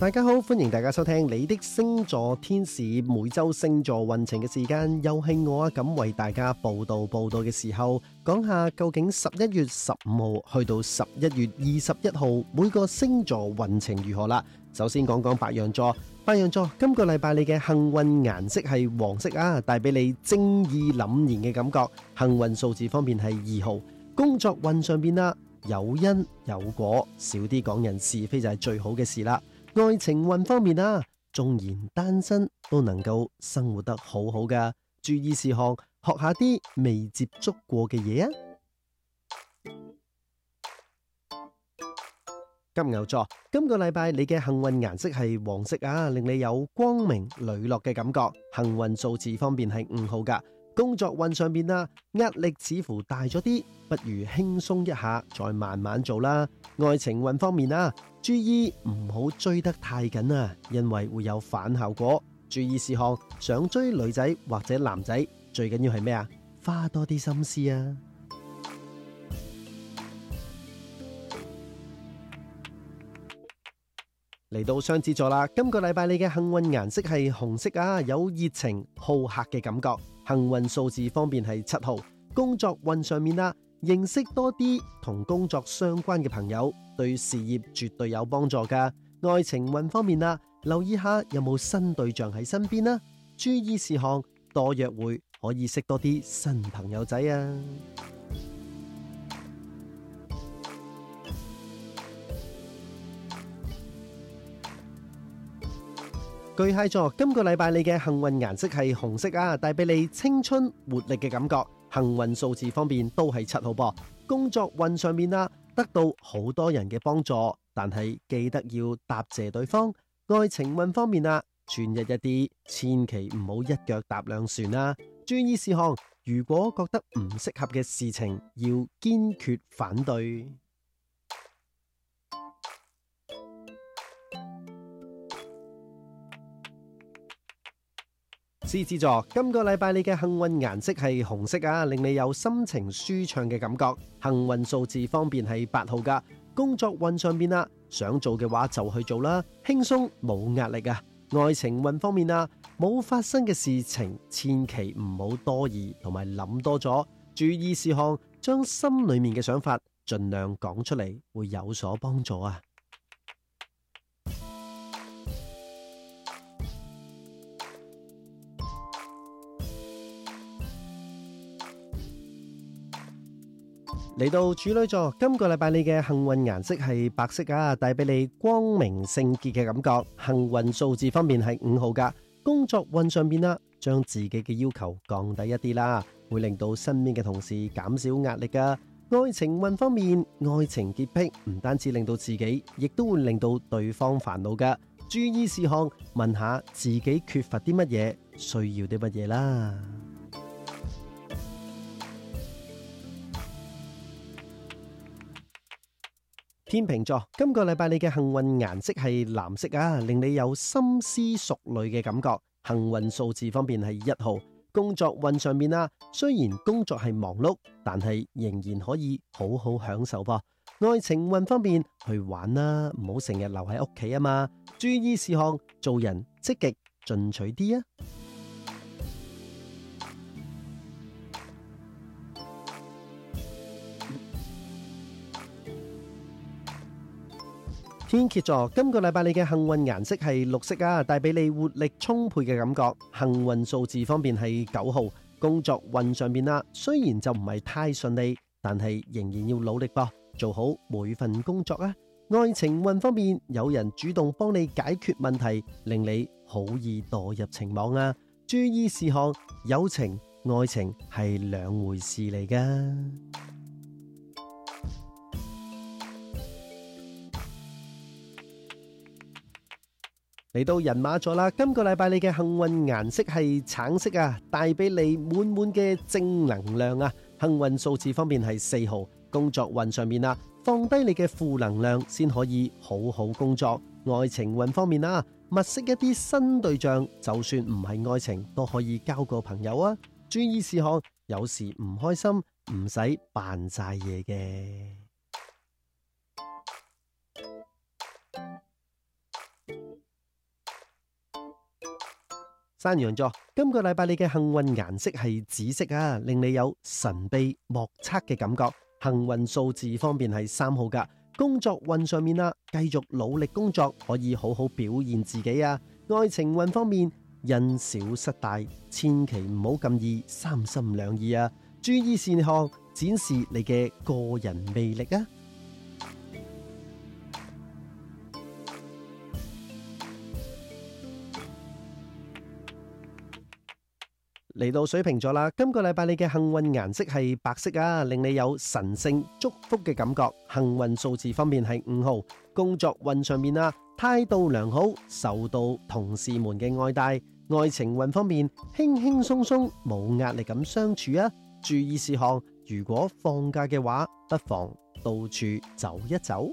大家好，歡迎大家收聽你的星座天使每周星座運程嘅時間。又係我啊，咁為大家報道報道嘅時候，講下究竟十一月十五號去到十一月二十一號每個星座運程如何啦。首先講講白羊座，白羊座今個禮拜你嘅幸運顏色係黃色啊，帶俾你正義凜然嘅感覺。幸運數字方面係二號，工作運上邊啦，有因有果，少啲講人是非就係最好嘅事啦。愛情運方面啊，縱然單身都能夠生活得好好噶，注意事項，學一下啲未接觸過嘅嘢啊。金牛座，今個禮拜你嘅幸運顏色係黃色啊，令你有光明磊落嘅感覺，幸運數字方面係五號噶。工作運上面啊，壓力似乎大咗啲，不如輕鬆一下，再慢慢做啦。愛情運方面啊，注意唔好追得太緊啊，因為會有反效果。注意事項，想追女仔或者男仔，最緊要係咩啊？花多啲心思啊！嚟到雙子座啦，今個禮拜你嘅幸運顏色係紅色啊，有熱情好客嘅感覺。幸運數字方面係七號，工作運上面啊，認識多啲同工作相關嘅朋友，對事業絕對有幫助噶。愛情運方面啊，留意下有冇新對象喺身邊啦、啊。注意事項，多約會可以識多啲新朋友仔啊。巨蟹座，今個禮拜你嘅幸運顏色係紅色啊，帶俾你青春活力嘅感覺。幸運數字方面都係七號噃。工作運上面啊，得到好多人嘅幫助，但係記得要答謝對方。愛情運方面啊，專一一啲，千祈唔好一腳踏兩船啊。注意事項，如果覺得唔適合嘅事情，要堅決反對。獅子座，今個禮拜你嘅幸運顏色係紅色啊，令你有心情舒暢嘅感覺。幸運數字方面係八號噶，工作運上邊啦，想做嘅話就去做啦，輕鬆冇壓力啊。愛情運方面啊，冇發生嘅事情，千祈唔好多疑同埋諗多咗。注意事項，將心裏面嘅想法盡量講出嚟，會有所幫助啊。嚟到處女座，今個禮拜你嘅幸運顏色係白色啊，帶俾你光明聖潔嘅感覺。幸運數字方面係五號噶，工作運上邊啦，將自己嘅要求降低一啲啦，會令到身邊嘅同事減少壓力噶。愛情運方面，愛情潔癖唔單止令到自己，亦都會令到對方煩惱噶。注意事項，問下自己缺乏啲乜嘢，需要啲乜嘢啦。天秤座，今個禮拜你嘅幸運顏色係藍色啊，令你有心思熟慮嘅感覺。幸運數字方面係一號。工作運上面啊，雖然工作係忙碌，但係仍然可以好好享受噃、啊。愛情運方面，去玩啦、啊，唔好成日留喺屋企啊嘛。注意事項，做人積極進取啲啊！天蠍座，今個禮拜你嘅幸運顏色係綠色啊，帶俾你活力充沛嘅感覺。幸運數字方面係九號，工作運上面啦，雖然就唔係太順利，但係仍然要努力噃，做好每份工作啊。愛情運方面，有人主動幫你解決問題，令你好易墮入情網啊。注意事項，友情、愛情係兩回事嚟噶。嚟到人馬座啦，今個禮拜你嘅幸運顏色係橙色啊，帶俾你滿滿嘅正能量啊。幸運數字方面係四號，工作運上面啊，放低你嘅負能量先可以好好工作。愛情運方面啊，物色一啲新對象，就算唔係愛情都可以交個朋友啊。注意事項，有時唔開心唔使扮晒嘢嘅。山羊座，今個禮拜你嘅幸運顏色係紫色啊，令你有神秘莫測嘅感覺。幸運數字方面係三號噶，工作運上面啊，繼續努力工作，可以好好表現自己啊。愛情運方面，因小失大，千祈唔好咁易三心兩意啊，注意善行，展示你嘅個人魅力啊。嚟到水瓶座啦，今個禮拜你嘅幸運顏色係白色啊，令你有神聖祝福嘅感覺。幸運數字方面係五號，工作運上面啊，態度良好，受到同事們嘅愛戴。愛情運方面，輕輕鬆鬆，冇壓力咁相處啊。注意事項，如果放假嘅話，不妨到處走一走。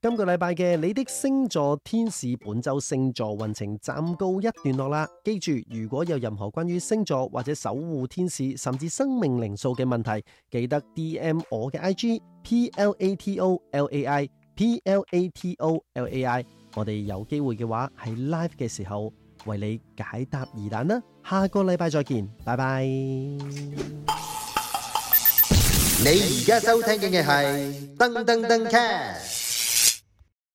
今個禮拜嘅你的星座天使本周星座運程暫告一段落啦。記住，如果有任何關於星座或者守護天使甚至生命靈數嘅問題，記得 DM 我嘅 IG P L A T O L A I P L A T O L A I。我哋有機會嘅話喺 live 嘅時候為你解答疑難啦。下個禮拜再見，拜拜。你而家收聽緊嘅係登登登 c